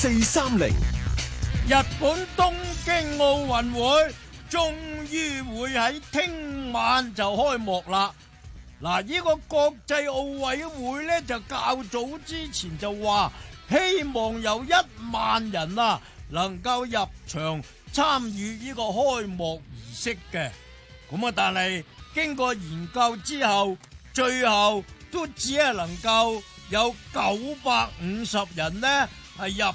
四三零，日本東京奧運會終於會喺聽晚就開幕啦。嗱，呢個國際奧委會呢就較早之前就話希望有一萬人啊能夠入場參與呢個開幕儀式嘅。咁啊，但係經過研究之後，最後都只係能夠有九百五十人呢係入。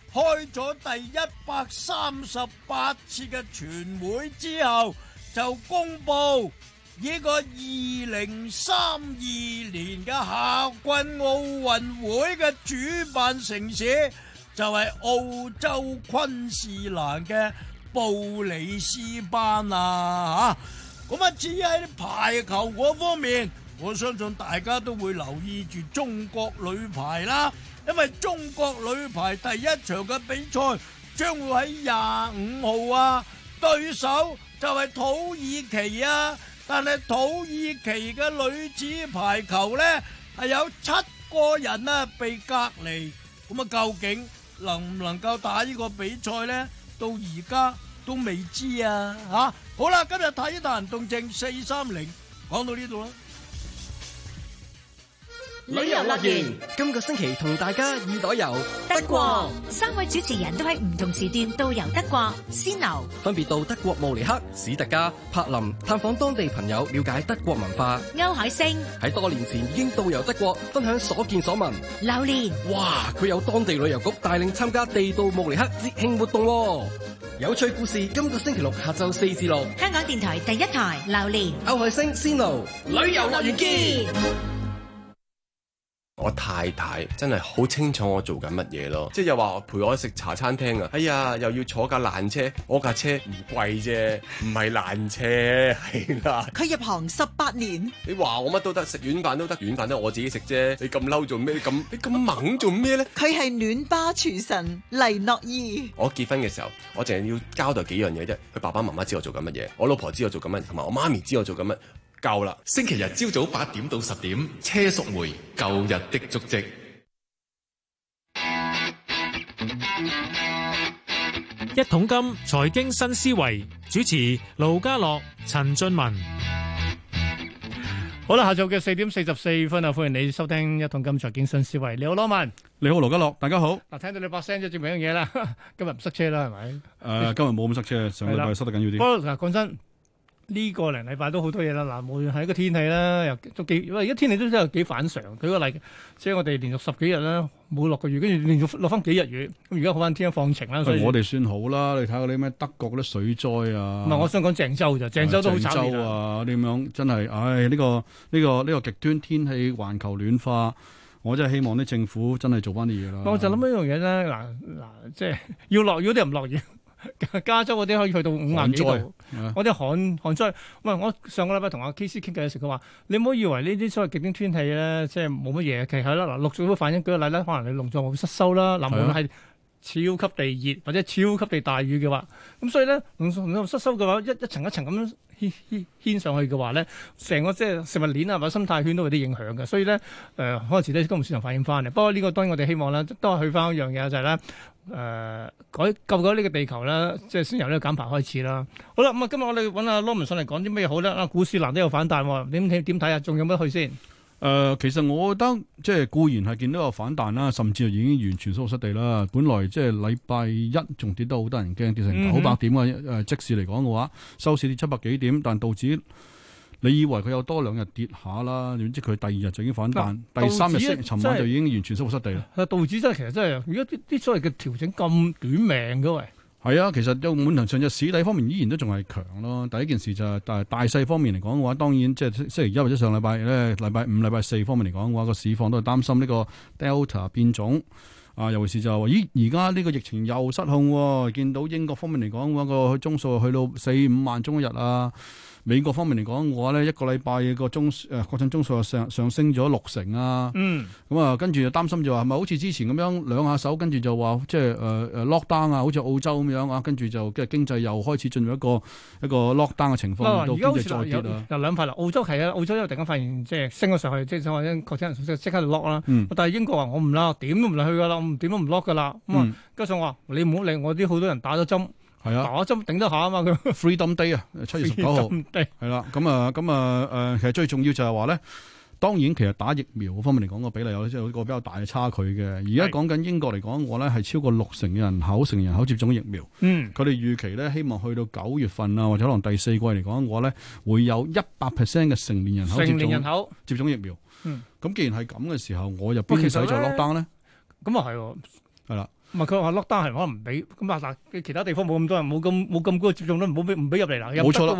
開咗第一百三十八次嘅全會之後，就公布呢個二零三二年嘅夏季奧運會嘅主辦城市就係澳洲昆士蘭嘅布里斯班啦。咁啊，至於喺排球嗰方面，我相信大家都會留意住中國女排啦。因為中國女排第一場嘅比賽將會喺廿五號啊，對手就係土耳其啊，但係土耳其嘅女子排球呢係有七個人啊被隔離，咁啊究竟能唔能夠打呢個比賽呢？到而家都未知啊吓。好啦，今日體育大行動正四三零講到呢度啦。旅遊樂園今個星期同大家二朵遊德國，三位主持人都喺唔同時段導遊德國、仙奴，分別到德國慕尼黑、史特加、柏林，探訪當地朋友，了解德國文化。歐海星喺多年前已經導遊德國，分享所見所聞。劉蓮，哇，佢有當地旅遊局帶領參加地道慕尼黑節慶活動，有趣故事。今個星期六下晝四至六，香港電台第一台，劉蓮、歐海星、仙奴，旅遊樂園見。我太太真係好清楚我做緊乜嘢咯，即係又話陪我食茶餐廳啊，哎呀又要坐架爛車，我架車唔貴啫，唔係爛車係啦。佢入行十八年，你話我乜都得，食軟飯都得，軟飯都我自己食啫。你咁嬲做咩？你咁你咁猛做咩咧？佢係暖爸廚神黎諾懿。我結婚嘅時候，我淨係要交代幾樣嘢啫。佢爸爸媽媽知我做緊乜嘢，我老婆知我做緊乜，同埋我媽咪知我做緊乜。夠啦！星期日朝早八點到十點，車淑梅《舊日的足跡》。一桶金財經新思維主持盧家樂、陳俊文。好啦，下晝嘅四點四十四分啊，歡迎你收聽一桶金財經新思維。你好，羅文。你好，盧家樂。大家好。嗱，聽到你把聲就證明一樣嘢啦。今日唔塞車啦，係咪？誒，今日冇咁塞車，上個禮拜塞得緊要啲。好嗱，講真。呢個零禮拜都好多嘢啦！嗱，無論係一個天氣啦，又都幾喂，而家天氣都真係幾反常。舉個例，即係我哋連續十幾日啦，冇落過雨，跟住連續落翻幾日雨，咁而家好翻天一放晴啦，哎。我哋算好啦，你睇下啲咩德國啲水災啊！唔係，我想講鄭州就鄭州都好慘啊！咁樣，啊、真係，唉、哎！呢、這個呢、這個呢、這個極端天氣、環球暖化，我真係希望啲政府真係做翻啲嘢啦。我就諗一樣嘢咧，嗱嗱，即係要落雨定唔落雨。加州嗰啲可以去到五十幾度，我啲寒寒災。喂，寒災我上個禮拜同阿 KC 傾偈嘅時，佢話：你唔好以為呢啲所謂極端天氣咧，即係冇乜嘢。其實咧，嗱，陸續都反映舉例咧，可能你農作會失收啦。另外係超級地熱或者超級地大雨嘅話，咁所以咧農農失收嘅話，一一層一層咁樣。牽牽 上去嘅話咧，成個即係食物鏈啊，或者生態圈都會有啲影響嘅，所以咧誒，開始咧都唔少有反映翻嚟。不過呢個當然我哋希望啦，都係去翻一樣嘢就係咧誒，改救救呢個地球啦，即係先由呢個減排開始啦。好啦，咁啊，今日我哋揾阿羅文信嚟講啲咩好咧？啊，股市難得有反彈喎，哦，點點睇啊？仲有咩去先？誒、呃，其實我覺得即係固然係見到有反彈啦，甚至就已經完全收復失地啦。本來即係禮拜一仲跌得好多人驚，跌成九百點啊，誒，即時嚟講嘅話，收市跌七百幾點，但道指你以為佢有多兩日跌下啦？點知佢第二日就已經反彈，第三日尋晚就已經完全收復失地啦。道指真係其實真係，而家啲啲所謂嘅調整咁短命嘅喂。係啊，其實都滿頭上日市底方面依然都仲係強咯。第一件事就係大大勢方面嚟講嘅話，當然即係星期一或者上禮拜咧，禮拜五、禮拜四方面嚟講嘅話，個市況都係擔心呢個 Delta 變種啊。尤其是就係話咦，而家呢個疫情又失控，見到英國方面嚟講嘅話，個宗數去到四五萬宗一日啊！美國方面嚟講我話呢一個禮拜個中誒確診宗數上上升咗六成啊！嗯，咁啊，跟住就擔心就話係咪好似之前咁樣兩下手，跟住就話即係誒誒 lock down 啊，好似澳洲咁樣啊，跟住就即係經濟又開始進入一個一個 lock down 嘅情況，咁到邊就再跌結啊？又兩法啦，澳洲係啊，澳洲因為突然間發現即係、就是、升咗上去，就是、確上即係想話因確診即刻 lock 啦。Mm. 但係英國話、mm. mm.，我唔啦，點都唔嚟去噶啦，我點都唔 lock 噶啦。咁啊，加上話你唔好理我啲好多人打咗針。係啊，打針頂得下啊嘛，佢。Freedom Day 啊，七月十九號係啦，咁啊，咁啊，誒，其實最重要就係話咧，當然其實打疫苗嗰方面嚟講個比例有即係一個比較大嘅差距嘅。而家講緊英國嚟講，我咧係超過六成嘅人口，成人口接種疫苗。嗯。佢哋預期咧，希望去到九月份啊，或者可能第四季嚟講我話咧，會有一百 percent 嘅成年人口接種疫苗。成年人口接種疫苗。嗯。咁既然係咁嘅時候，我入邊其實係做 lockdown 咧？咁啊係。係啦。.唔係佢話 lockdown 係可能唔俾，咁啊嗱，其他地方冇咁多人，冇咁冇咁高嘅接種率，冇俾唔俾入嚟啦，冇錯啦。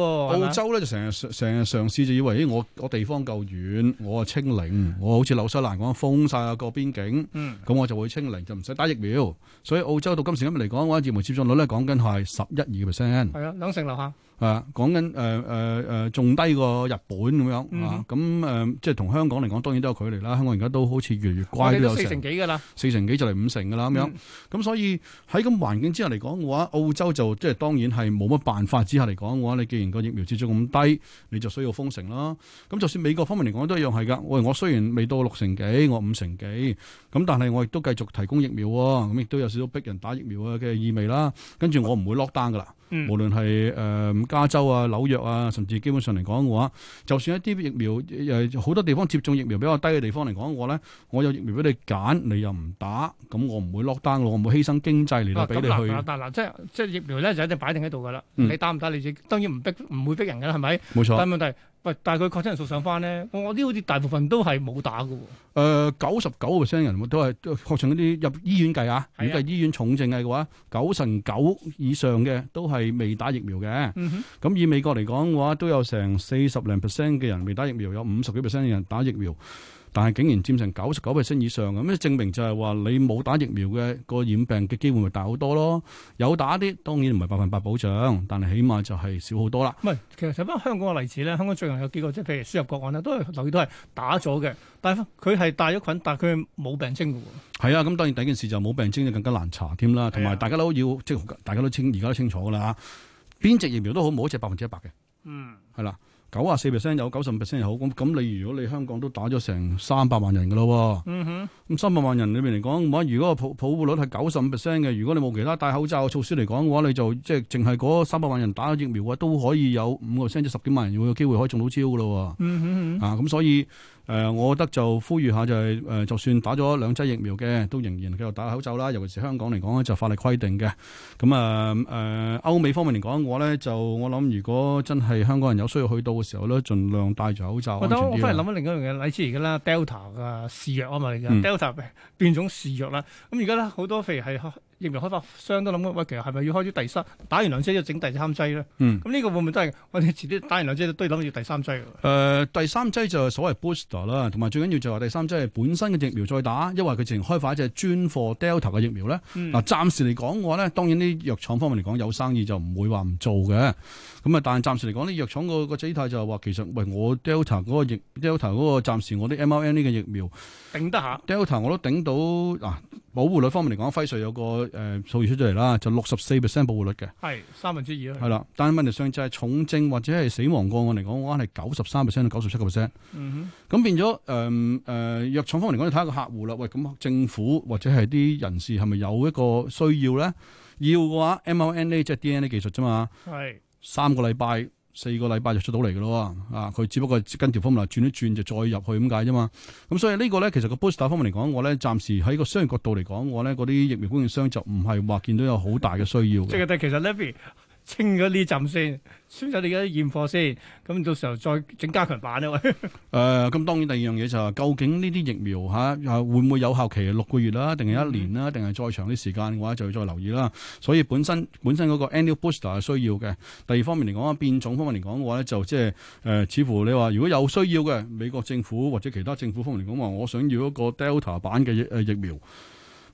澳洲咧就成日成日嘗試就以為，咦，我我地方夠遠，我啊清零，我好似紐西蘭講封曬個邊境，咁我就會清零，就唔使打疫苗。所以澳洲到今時今日嚟講，話疫苗接種率咧講緊係十一二 percent，係啊，兩成樓下。係啊，講緊誒誒仲低過日本咁樣啊，咁誒、嗯哼啊、即係同香港嚟講，當然都有距離啦。香港而家都好似越嚟越乖都有成四成幾嘅啦，四成幾就嚟五成嘅啦咁樣。咁、嗯啊、所以喺咁環境之下嚟講嘅話，澳洲就即係當然係冇乜辦法之下嚟講嘅話，你既然個疫苗接種咁低，你就需要封城啦。咁就算美國方面嚟講都一樣係㗎。喂，我雖然未到六成幾，我五成幾，咁但係我亦都繼續提供疫苗喎，咁亦都有少少逼人打疫苗嘅意味啦。跟住我唔會 lock down 㗎啦。無論係誒加州啊、紐約啊，甚至基本上嚟講嘅話，就算一啲疫苗誒好、呃、多地方接種疫苗比較低嘅地方嚟講嘅話咧，我有疫苗俾你揀，你又唔打，咁我唔會落單，我唔會犧牲經濟嚟到俾你去。嗱即係即係疫苗咧就一定擺定喺度噶啦，嗯、你打唔打，你自己當然唔逼，唔會逼，逼，逼人噶啦，係咪？冇錯。但係問題。喂，但係佢確診人數上翻咧，我啲好似大部分都係冇打嘅。誒、呃，九十九 percent 人都，都係確診嗰啲入醫院計啊，如果係醫院重症計嘅話，九成九以上嘅都係未打疫苗嘅。咁、嗯、哼以美國嚟講嘅話，都有成四十零 percent 嘅人未打疫苗，有五十幾 percent 嘅人打疫苗。但係竟然佔成九十九 percent 以上嘅。咁啊證明就係話你冇打疫苗嘅，個染病嘅機會咪大好多咯？有打啲當然唔係百分百保障，但係起碼就係少好多啦。唔係，其實睇翻香港嘅例子咧，香港最近有幾個即係譬如輸入個案咧，都係留意到係打咗嘅，但係佢係帶咗菌，但係佢冇病徵嘅喎。係啊，咁當然第一件事就冇病徵就更加難查添啦。同埋大家都要、啊、即大家都清，而家都清楚嘅啦。邊隻疫苗都好，冇一隻百分之一百嘅。嗯，係啦。九啊四 percent 有九十五 percent 又好，咁咁，例如果你香港都打咗成三百萬人噶咯，咁三百萬人裏面嚟講，咁如果個保保護率係九十五 percent 嘅，如果你冇其他戴口罩嘅措施嚟講嘅話，你就即係淨係嗰三百萬人打咗疫苗嘅話，都可以有五個 percent 至十幾萬人會有機會可以中到招噶咯，嗯哼嗯啊，咁所以。誒，我覺得就呼籲下就係誒，就算打咗兩劑疫苗嘅，都仍然繼續戴口罩啦。尤其是香港嚟講咧，就法例規定嘅。咁啊誒，歐美方面嚟講，我呢就我諗，如果真係香港人有需要去到嘅時候咧，儘量戴住口罩。我覺得我忽然諗起另一樣嘢，例如而家啦，Delta 嘅肆虐啊嘛，Delta 變種肆虐啦。咁而家呢好多譬如係。疫苗開發商都諗緊，喂，其實係咪要開啲第三？打完兩劑要整第三劑咧？咁呢、嗯、個會唔會都係？我哋遲啲打完兩劑都都諗住第三劑嘅、呃。第三劑就係所謂 booster 啦，同埋最緊要就係第三劑係本身嘅疫苗再打，因為佢之前開發一隻專貨 Delta 嘅疫苗咧。嗱、嗯啊，暫時嚟講嘅話咧，當然啲藥廠方面嚟講有生意就唔會話唔做嘅。咁啊，但係暫時嚟講，啲藥廠個個姿態就係話，其實喂，我 Del、嗰個、Delta 嗰、嗰個疫 Delta 嗰個暫時我啲 mRNA 呢個疫苗頂得下。Delta 我都頂到嗱。啊。保護率方面嚟講，輝瑞有個誒數字出咗嚟啦，就六十四 percent 保護率嘅，係三分之二啊、就是。係啦，但係問題上就係重症或者係死亡個案嚟講，我係九十三 percent 到九十七個 percent。嗯哼，咁變咗誒誒，藥、呃、廠、呃、方面嚟講，你睇下個客戶啦。喂，咁政府或者係啲人士係咪有一個需要咧？要嘅話，m r n a 即係 d n a 技術啫嘛。係是三個禮拜。四個禮拜就出到嚟嘅咯，啊，佢只不過跟條風嚟轉一轉就再入去咁解啫嘛，咁、啊、所以個呢個咧其實個 booster 方面嚟講，我咧暫時喺個商業角度嚟講，我咧嗰啲疫苗供應商就唔係話見到有好大嘅需要 即係但係其實 Levi。清咗呢浸先，先使你而家驗貨先，咁到時候再整加強版啊！喂 呃，誒，咁當然第二樣嘢就係、是、究竟呢啲疫苗嚇誒、啊、會唔會有效期六個月啦、啊，定係一年啦、啊，定係、嗯、再長啲時間嘅話，就要再留意啦。所以本身本身嗰個 annual booster 係需要嘅。第二方面嚟講啊，變種方面嚟講嘅話咧，就即係誒，似乎你話如果有需要嘅美國政府或者其他政府方面嚟講話，我想要一個 Delta 版嘅誒疫苗。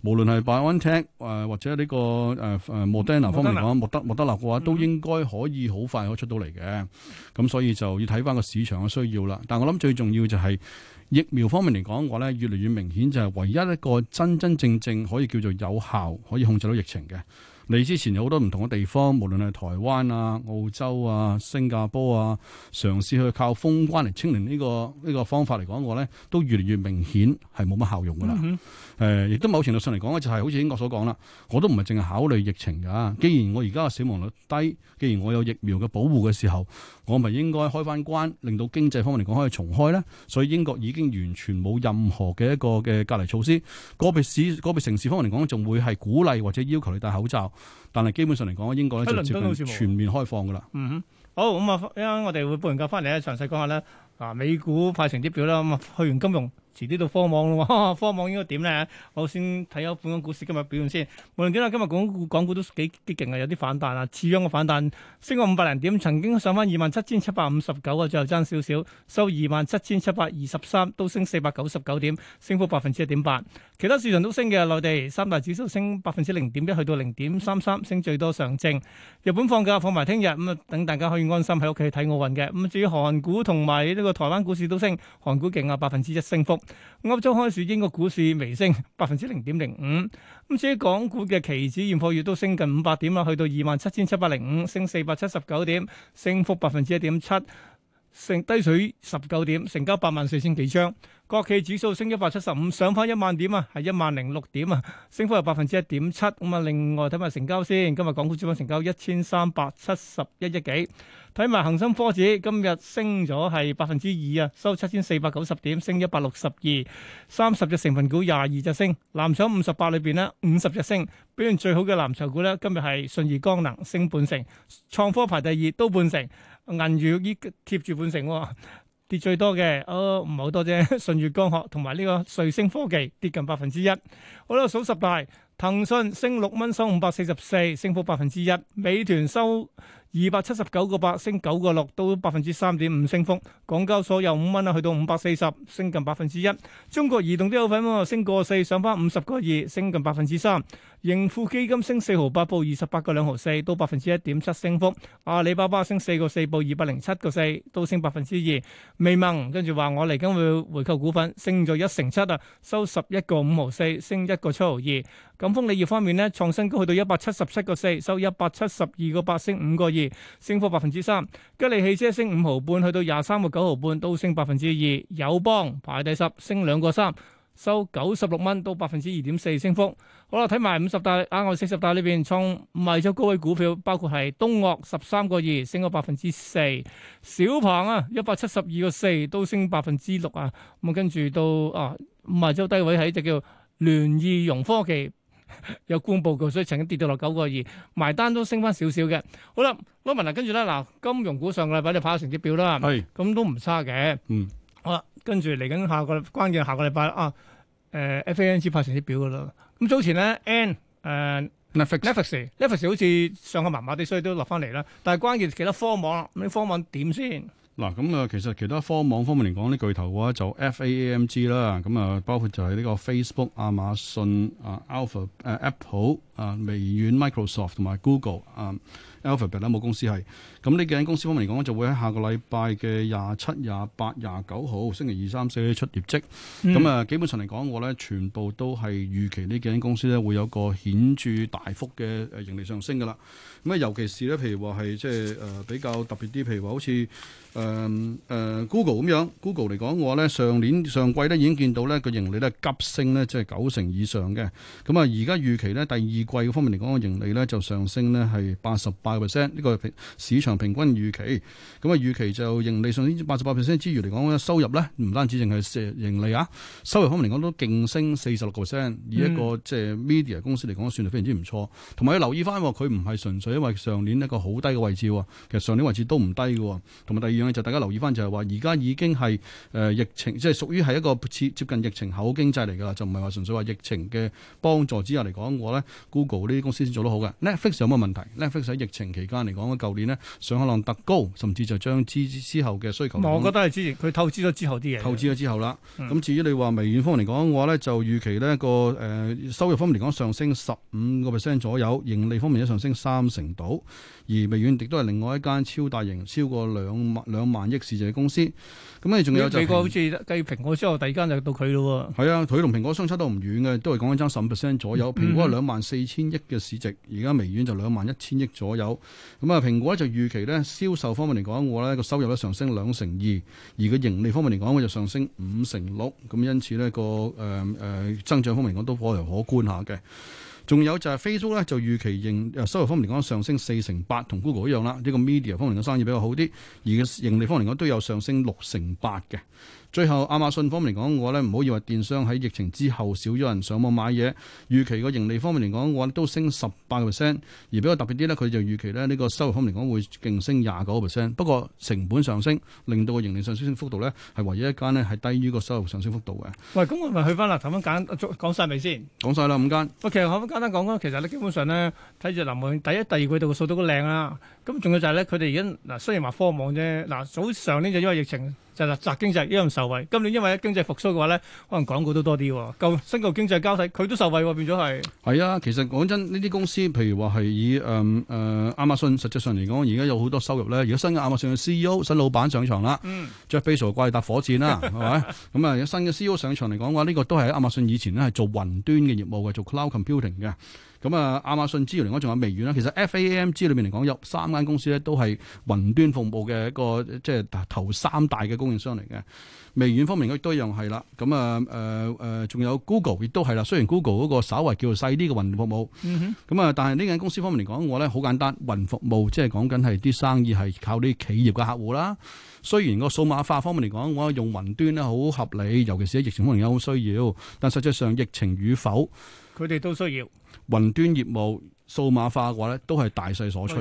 無論係 BioNTech 誒、呃、或者呢、這個誒誒、呃、莫德納方面講，莫德莫德納嘅話都應該可以好快可以出到嚟嘅，咁、嗯、所以就要睇返個市場嘅需要啦。但係我諗最重要就係疫苗方面嚟講嘅話咧，越嚟越明顯就係唯一一個真真正正可以叫做有效可以控制到疫情嘅。你之前有好多唔同嘅地方，無論係台灣啊、澳洲啊、新加坡啊，嘗試去靠封關嚟清零呢、這個呢、這個方法嚟講嘅話咧，都越嚟越明顯係冇乜效用㗎啦。誒、嗯哼呃，亦都某程度上嚟講咧，就係、是、好似英國所講啦，我都唔係淨係考慮疫情㗎。既然我而家嘅死亡率低，既然我有疫苗嘅保護嘅時候，我咪應該開翻關，令到經濟方面嚟講可以重開咧。所以英國已經完全冇任何嘅一個嘅隔離措施，個別市、個別城市方面嚟講仲會係鼓勵或者要求你戴口罩。但係基本上嚟講，英國咧就接近全面開放噶啦。嗯哼，好咁啊，一陣我哋會報完嘅翻嚟咧，詳細講下咧。嗱，美股派成績表啦，咁去完金融。遲啲到科網咯，科網應該點咧？我先睇下本港股市今日表現先。無論點啦，今日港股港股都幾激勁啊，有啲反彈啊。似樣嘅反彈，升個五百零點，曾經上翻二萬七千七百五十九啊，最後爭少少，收二萬七千七百二十三，都升四百九十九點，升幅百分之一點八。其他市場都升嘅，內地三大指數升百分之零點一，去到零點三三，升最多上證。日本放假放埋聽日，咁啊等大家可以安心喺屋企睇奧運嘅。咁至於韓股同埋呢個台灣股市都升，韓股勁啊，百分之一升幅。歐洲開市，英國股市微升百分之零點零五。咁至於港股嘅期指現貨月都升近五百點啦，去到二萬七千七百零五，升四百七十九點，升幅百分之一點七。剩低水十九點，成交八萬四千幾張。國企指數升一百七十五，上翻一萬點啊，係一萬零六點啊，升幅係百分之一點七。咁啊，另外睇埋成交先，今日港股主板成交一千三百七十一億幾。睇埋恒生科指，今日升咗係百分之二啊，收七千四百九十點，升一百六十二。三十隻成分股，廿二隻升。藍籌五十八裏邊呢，五十隻升。表現最好嘅藍籌股呢，今日係信義光能升半成，創科排第二都半成。銀月依貼住半成，跌最多嘅，哦，唔係好多啫。順月光學同埋呢個瑞星科技跌近百分之一。好啦，數十大，騰訊升六蚊收五百四十四，升幅百分之一。美團收。二百七十九個八升九個六，到百分之三點五升幅。港交所有五蚊啊，去到五百四十，升近百分之一。中國移動都有份喎，升個四，上返五十個二，升近百分之三。盈富基金升四毫八，4, 啊、爸爸 4. 4, 報二十八個兩毫四，到百分之一點七升幅。阿里巴巴升四個四，報二百零七個四，都升百分之二。微盟跟住話我嚟緊會回購股份，升咗一成七啊，收十一個五毫四，升一個七毫二。咁豐利業方面咧，創新高去到一百七十七個四，收一百七十二個八，升五個二。升幅百分之三，吉利汽車升五毫半，去到廿三個九毫半，都升百分之二。友邦排第十，升兩個三，收九十六蚊，到百分之二點四升幅。好啦，睇埋五十大，啱，我升十大呢邊，創五日最高位股票，包括係東岳十三個二，升咗百分之四，小鵬啊，一百七十二個四，都升百分之六啊。咁啊，跟住到啊五日最低位喺隻叫聯易融科技。 有官報告，所以曾經跌到落九個二，埋單都升翻少少嘅。好啦，我問啊，跟住咧嗱，金融股上個禮拜你跑成績表啦，係咁是都唔差嘅、嗯啊呃。嗯，好啦，跟住嚟緊下個關鍵下個禮拜啦啊，誒，FANG 跑成績表噶啦。咁早前咧 N 誒，Netflix，Netflix，Netflix 好似上嘅麻麻啲，所以都落翻嚟啦。但係關鍵其他科網咁啲科網點先？嗱，咁啊，其實其他科網方面嚟講，啲巨頭嘅話就 FAMG 啦，咁啊，包括就係呢個 Facebook、亞馬遜、啊 Alpha Apple。啊，微軟、Microsoft 同埋 Google 啊，Alphabet 咧母公司係，咁呢幾間公司方面嚟講，就會喺下個禮拜嘅廿七、廿八、廿九號，星期二、三、四出業績。咁啊，基本上嚟講，我咧全部都係預期呢幾間公司咧會有個顯著大幅嘅誒盈利上升嘅啦。咁啊，尤其是咧，譬如話係即係誒比較特別啲，譬如話好似誒誒 Google 咁樣，Google 嚟講，我咧上年上季咧已經見到咧個盈利咧急升咧，即係九成以上嘅。咁啊，而家預期咧第二。貴嘅方面嚟講，個盈利咧就上升咧係八十八個 percent，呢個平市場平均預期。咁啊，預期就盈利上升八十八個 percent 之餘嚟講，收入咧唔單止淨係盈利啊，收入方面嚟講都勁升四十六個 percent，以一個即係、嗯、media 公司嚟講，算係非常之唔錯。同埋要留意翻，佢唔係純粹因為上年一個好低嘅位置，其實上年位置都唔低嘅。同埋第二樣嘢就大家留意翻，就係話而家已經係誒、呃、疫情，即係屬於係一個接近疫情後經濟嚟㗎，就唔係話純粹話疫情嘅幫助之下嚟講，我咧。Google 呢啲公司先做得好嘅，Netflix 有乜問題？Netflix 喺疫情期間嚟講，咧舊年呢上可能特高，甚至就將之之後嘅需求。我覺得係之前，佢透支咗之後啲嘢。透支咗之後啦，咁、嗯、至於你話微軟方面嚟講嘅話咧，就預期呢個誒、呃、收入方面嚟講上升十五個 percent 左右，盈利方面咧上升三成度。而微軟亦都係另外一間超大型，超過兩萬兩萬億市值嘅公司。咁你仲有就？美國好似計蘋果之後，第二間就到佢咯喎。係啊，佢同蘋果相差都唔遠嘅，都係講緊爭十五 percent 左右。嗯、蘋果係兩萬四。千億嘅市值，而家微軟就兩萬一千億左右。咁啊，蘋果咧就預期咧銷售方面嚟講，我咧個收入咧上升兩成二，而個盈利方面嚟講，我就上升五成六。咁因此呢個誒誒增長方面嚟講都頗為可觀下嘅。仲有就係 Facebook 咧就預期盈誒收入方面嚟講上升四成八，同 Google 一樣啦。呢、這個 media 方面嘅生意比較好啲，而嘅盈利方面嚟講都有上升六成八嘅。最後，亞馬遜方面嚟講，我呢唔好以為電商喺疫情之後少咗人上網買嘢。預期個盈利方面嚟講，我呢都升十八個 percent。而比較特別啲呢，佢就預期呢呢個收入方面嚟講會勁升廿九個 percent。不過成本上升，令到個盈利上升幅度呢，係唯一一間呢係低於個收入上升幅度嘅。喂，咁我咪去翻啦。頭先揀講晒未先？講晒啦，五間。OK，實我咁簡單講啦，其實呢，基本上呢，睇住林木第一、第二季度嘅數都好靚啦。咁仲有就係呢，佢哋而家嗱雖然話科網啫，嗱早上呢就因為疫情。就係啦，宅經濟一樣受惠。今年因為經濟復甦嘅話咧，可能廣告都多啲。舊新舊經濟交替，佢都受惠喎，變咗係。係啊，其實講真，呢啲公司，譬如話係以誒誒、嗯呃、亞馬遜，實際上嚟講，而家有好多收入咧。而家新嘅亞馬遜嘅 CEO 新老闆上場啦，即 Jeff Bezos 掛搭火箭啦，係咪、 okay? 嗯？咁啊，有新嘅 CEO 上場嚟講嘅話，呢、呢個都係亞馬遜以前咧係做雲端嘅業務嘅，做 cloud computing 嘅。咁啊，亞馬遜之餘嚟講，仲有微軟啦。其實 FAMG 裏面嚟講，有三間公司咧，都係雲端服務嘅、那個、一個即係頭三大嘅供應商嚟嘅。微軟方面嘅亦都一樣係啦，咁啊誒誒，仲有 Google 亦都係啦。雖然 Google 嗰個稍微叫做細啲嘅雲服務，嗯哼，咁啊，但係呢間公司方面嚟講，我咧好簡單，雲服務即係講緊係啲生意係靠啲企業嘅客戶啦。雖然個數碼化方面嚟講，我用雲端咧好合理，尤其是喺疫情方面有好需要，但實際上疫情與否，佢哋都需要雲端業務。數碼化嘅話咧，都係大勢所趨。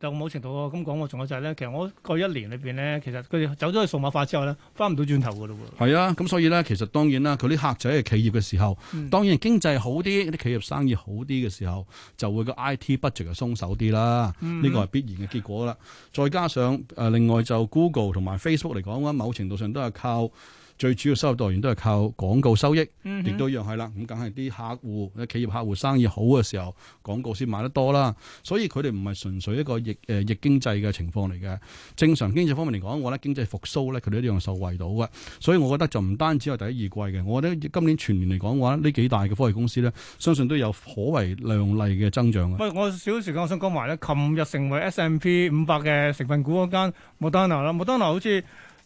就某程度我咁講，我仲有就係、是、咧，其實我過一年裏邊咧，其實佢哋走咗去數碼化之後咧，翻唔到轉頭嘅嘞喎。係啊、嗯，咁所以咧，其實當然啦，佢啲客仔嘅企業嘅時候，嗯、當然經濟好啲，啲企業生意好啲嘅時候，就會個 I T budget 就鬆手啲啦。呢個係必然嘅結果啦。嗯、再加上誒，另外就 Google 同埋 Facebook 嚟講啊，某程度上都係靠。最主要收入來源都係靠廣告收益，亦都、嗯、哼一樣係啦。咁梗係啲客戶、企業客戶生意好嘅時候，廣告先買得多啦。所以佢哋唔係純粹一個逆誒、呃、逆經濟嘅情況嚟嘅。正常經濟方面嚟講，我覺得經濟復甦咧，佢哋一樣受惠到嘅。所以，我覺得就唔單止喺第一二季嘅，我覺得今年全年嚟講，話呢幾大嘅科技公司咧，相信都有可謂亮麗嘅增長啊。喂我少時間，我想講埋咧，琴日成為 S&P 五百嘅成分股嗰間 Moderna 啦，Moderna 好似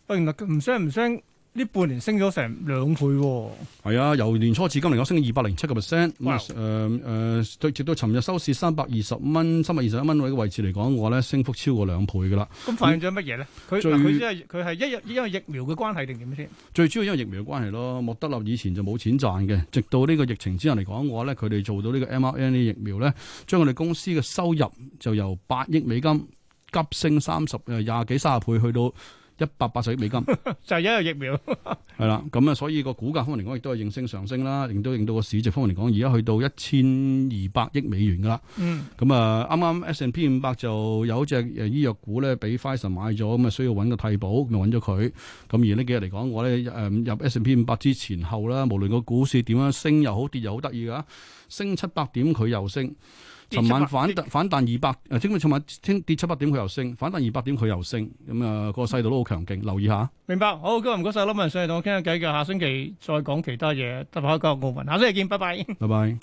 突然間唔升唔升。呢半年升咗成兩倍喎。哦，係啊，由年初至今嚟講升二百零七個 percent，唔係誒誒，直到尋日收市三百二十蚊，三百二十一蚊位嘅位置嚟講，嘅話咧升幅超過兩倍嘅啦。咁反映咗乜嘢咧？佢佢，即係佢係因為因為疫苗嘅關係定點先？最主要因為疫苗關係咯，莫德納以前就冇錢賺嘅，直到呢個疫情之後嚟講，嘅話咧佢哋做到呢個 mRNA 疫苗咧，將我哋公司嘅收入就由八億美金急升三十誒廿幾三十倍去到。一百八十億美金， 就係一個疫苗係啦，咁 啊，所以個股價方面嚟講，亦都係應聲上升啦，亦都令到個市值方面嚟講，而家去到一千二百億美元噶啦。嗯，咁啊、嗯，啱啱 S&P 五百就有一隻誒醫藥股咧，俾 Fison 買咗，咁啊需要揾個替補，咁啊揾咗佢。咁而呢幾日嚟講，我咧誒入 S&P 五百之前後啦，無論個股市點樣升又好，跌又好，得意噶，升七百點佢又升。尋晚反彈，反彈二百，誒，即係今日尋晚跌七八點，佢又升，反彈二百點，佢又升，咁啊，個勢度都好強勁，留意下。明白，好，今日唔該曬，咁上嚟，同我傾下偈嘅，下星期再講其他嘢，得返一個澳門，下星期見，拜拜。拜拜。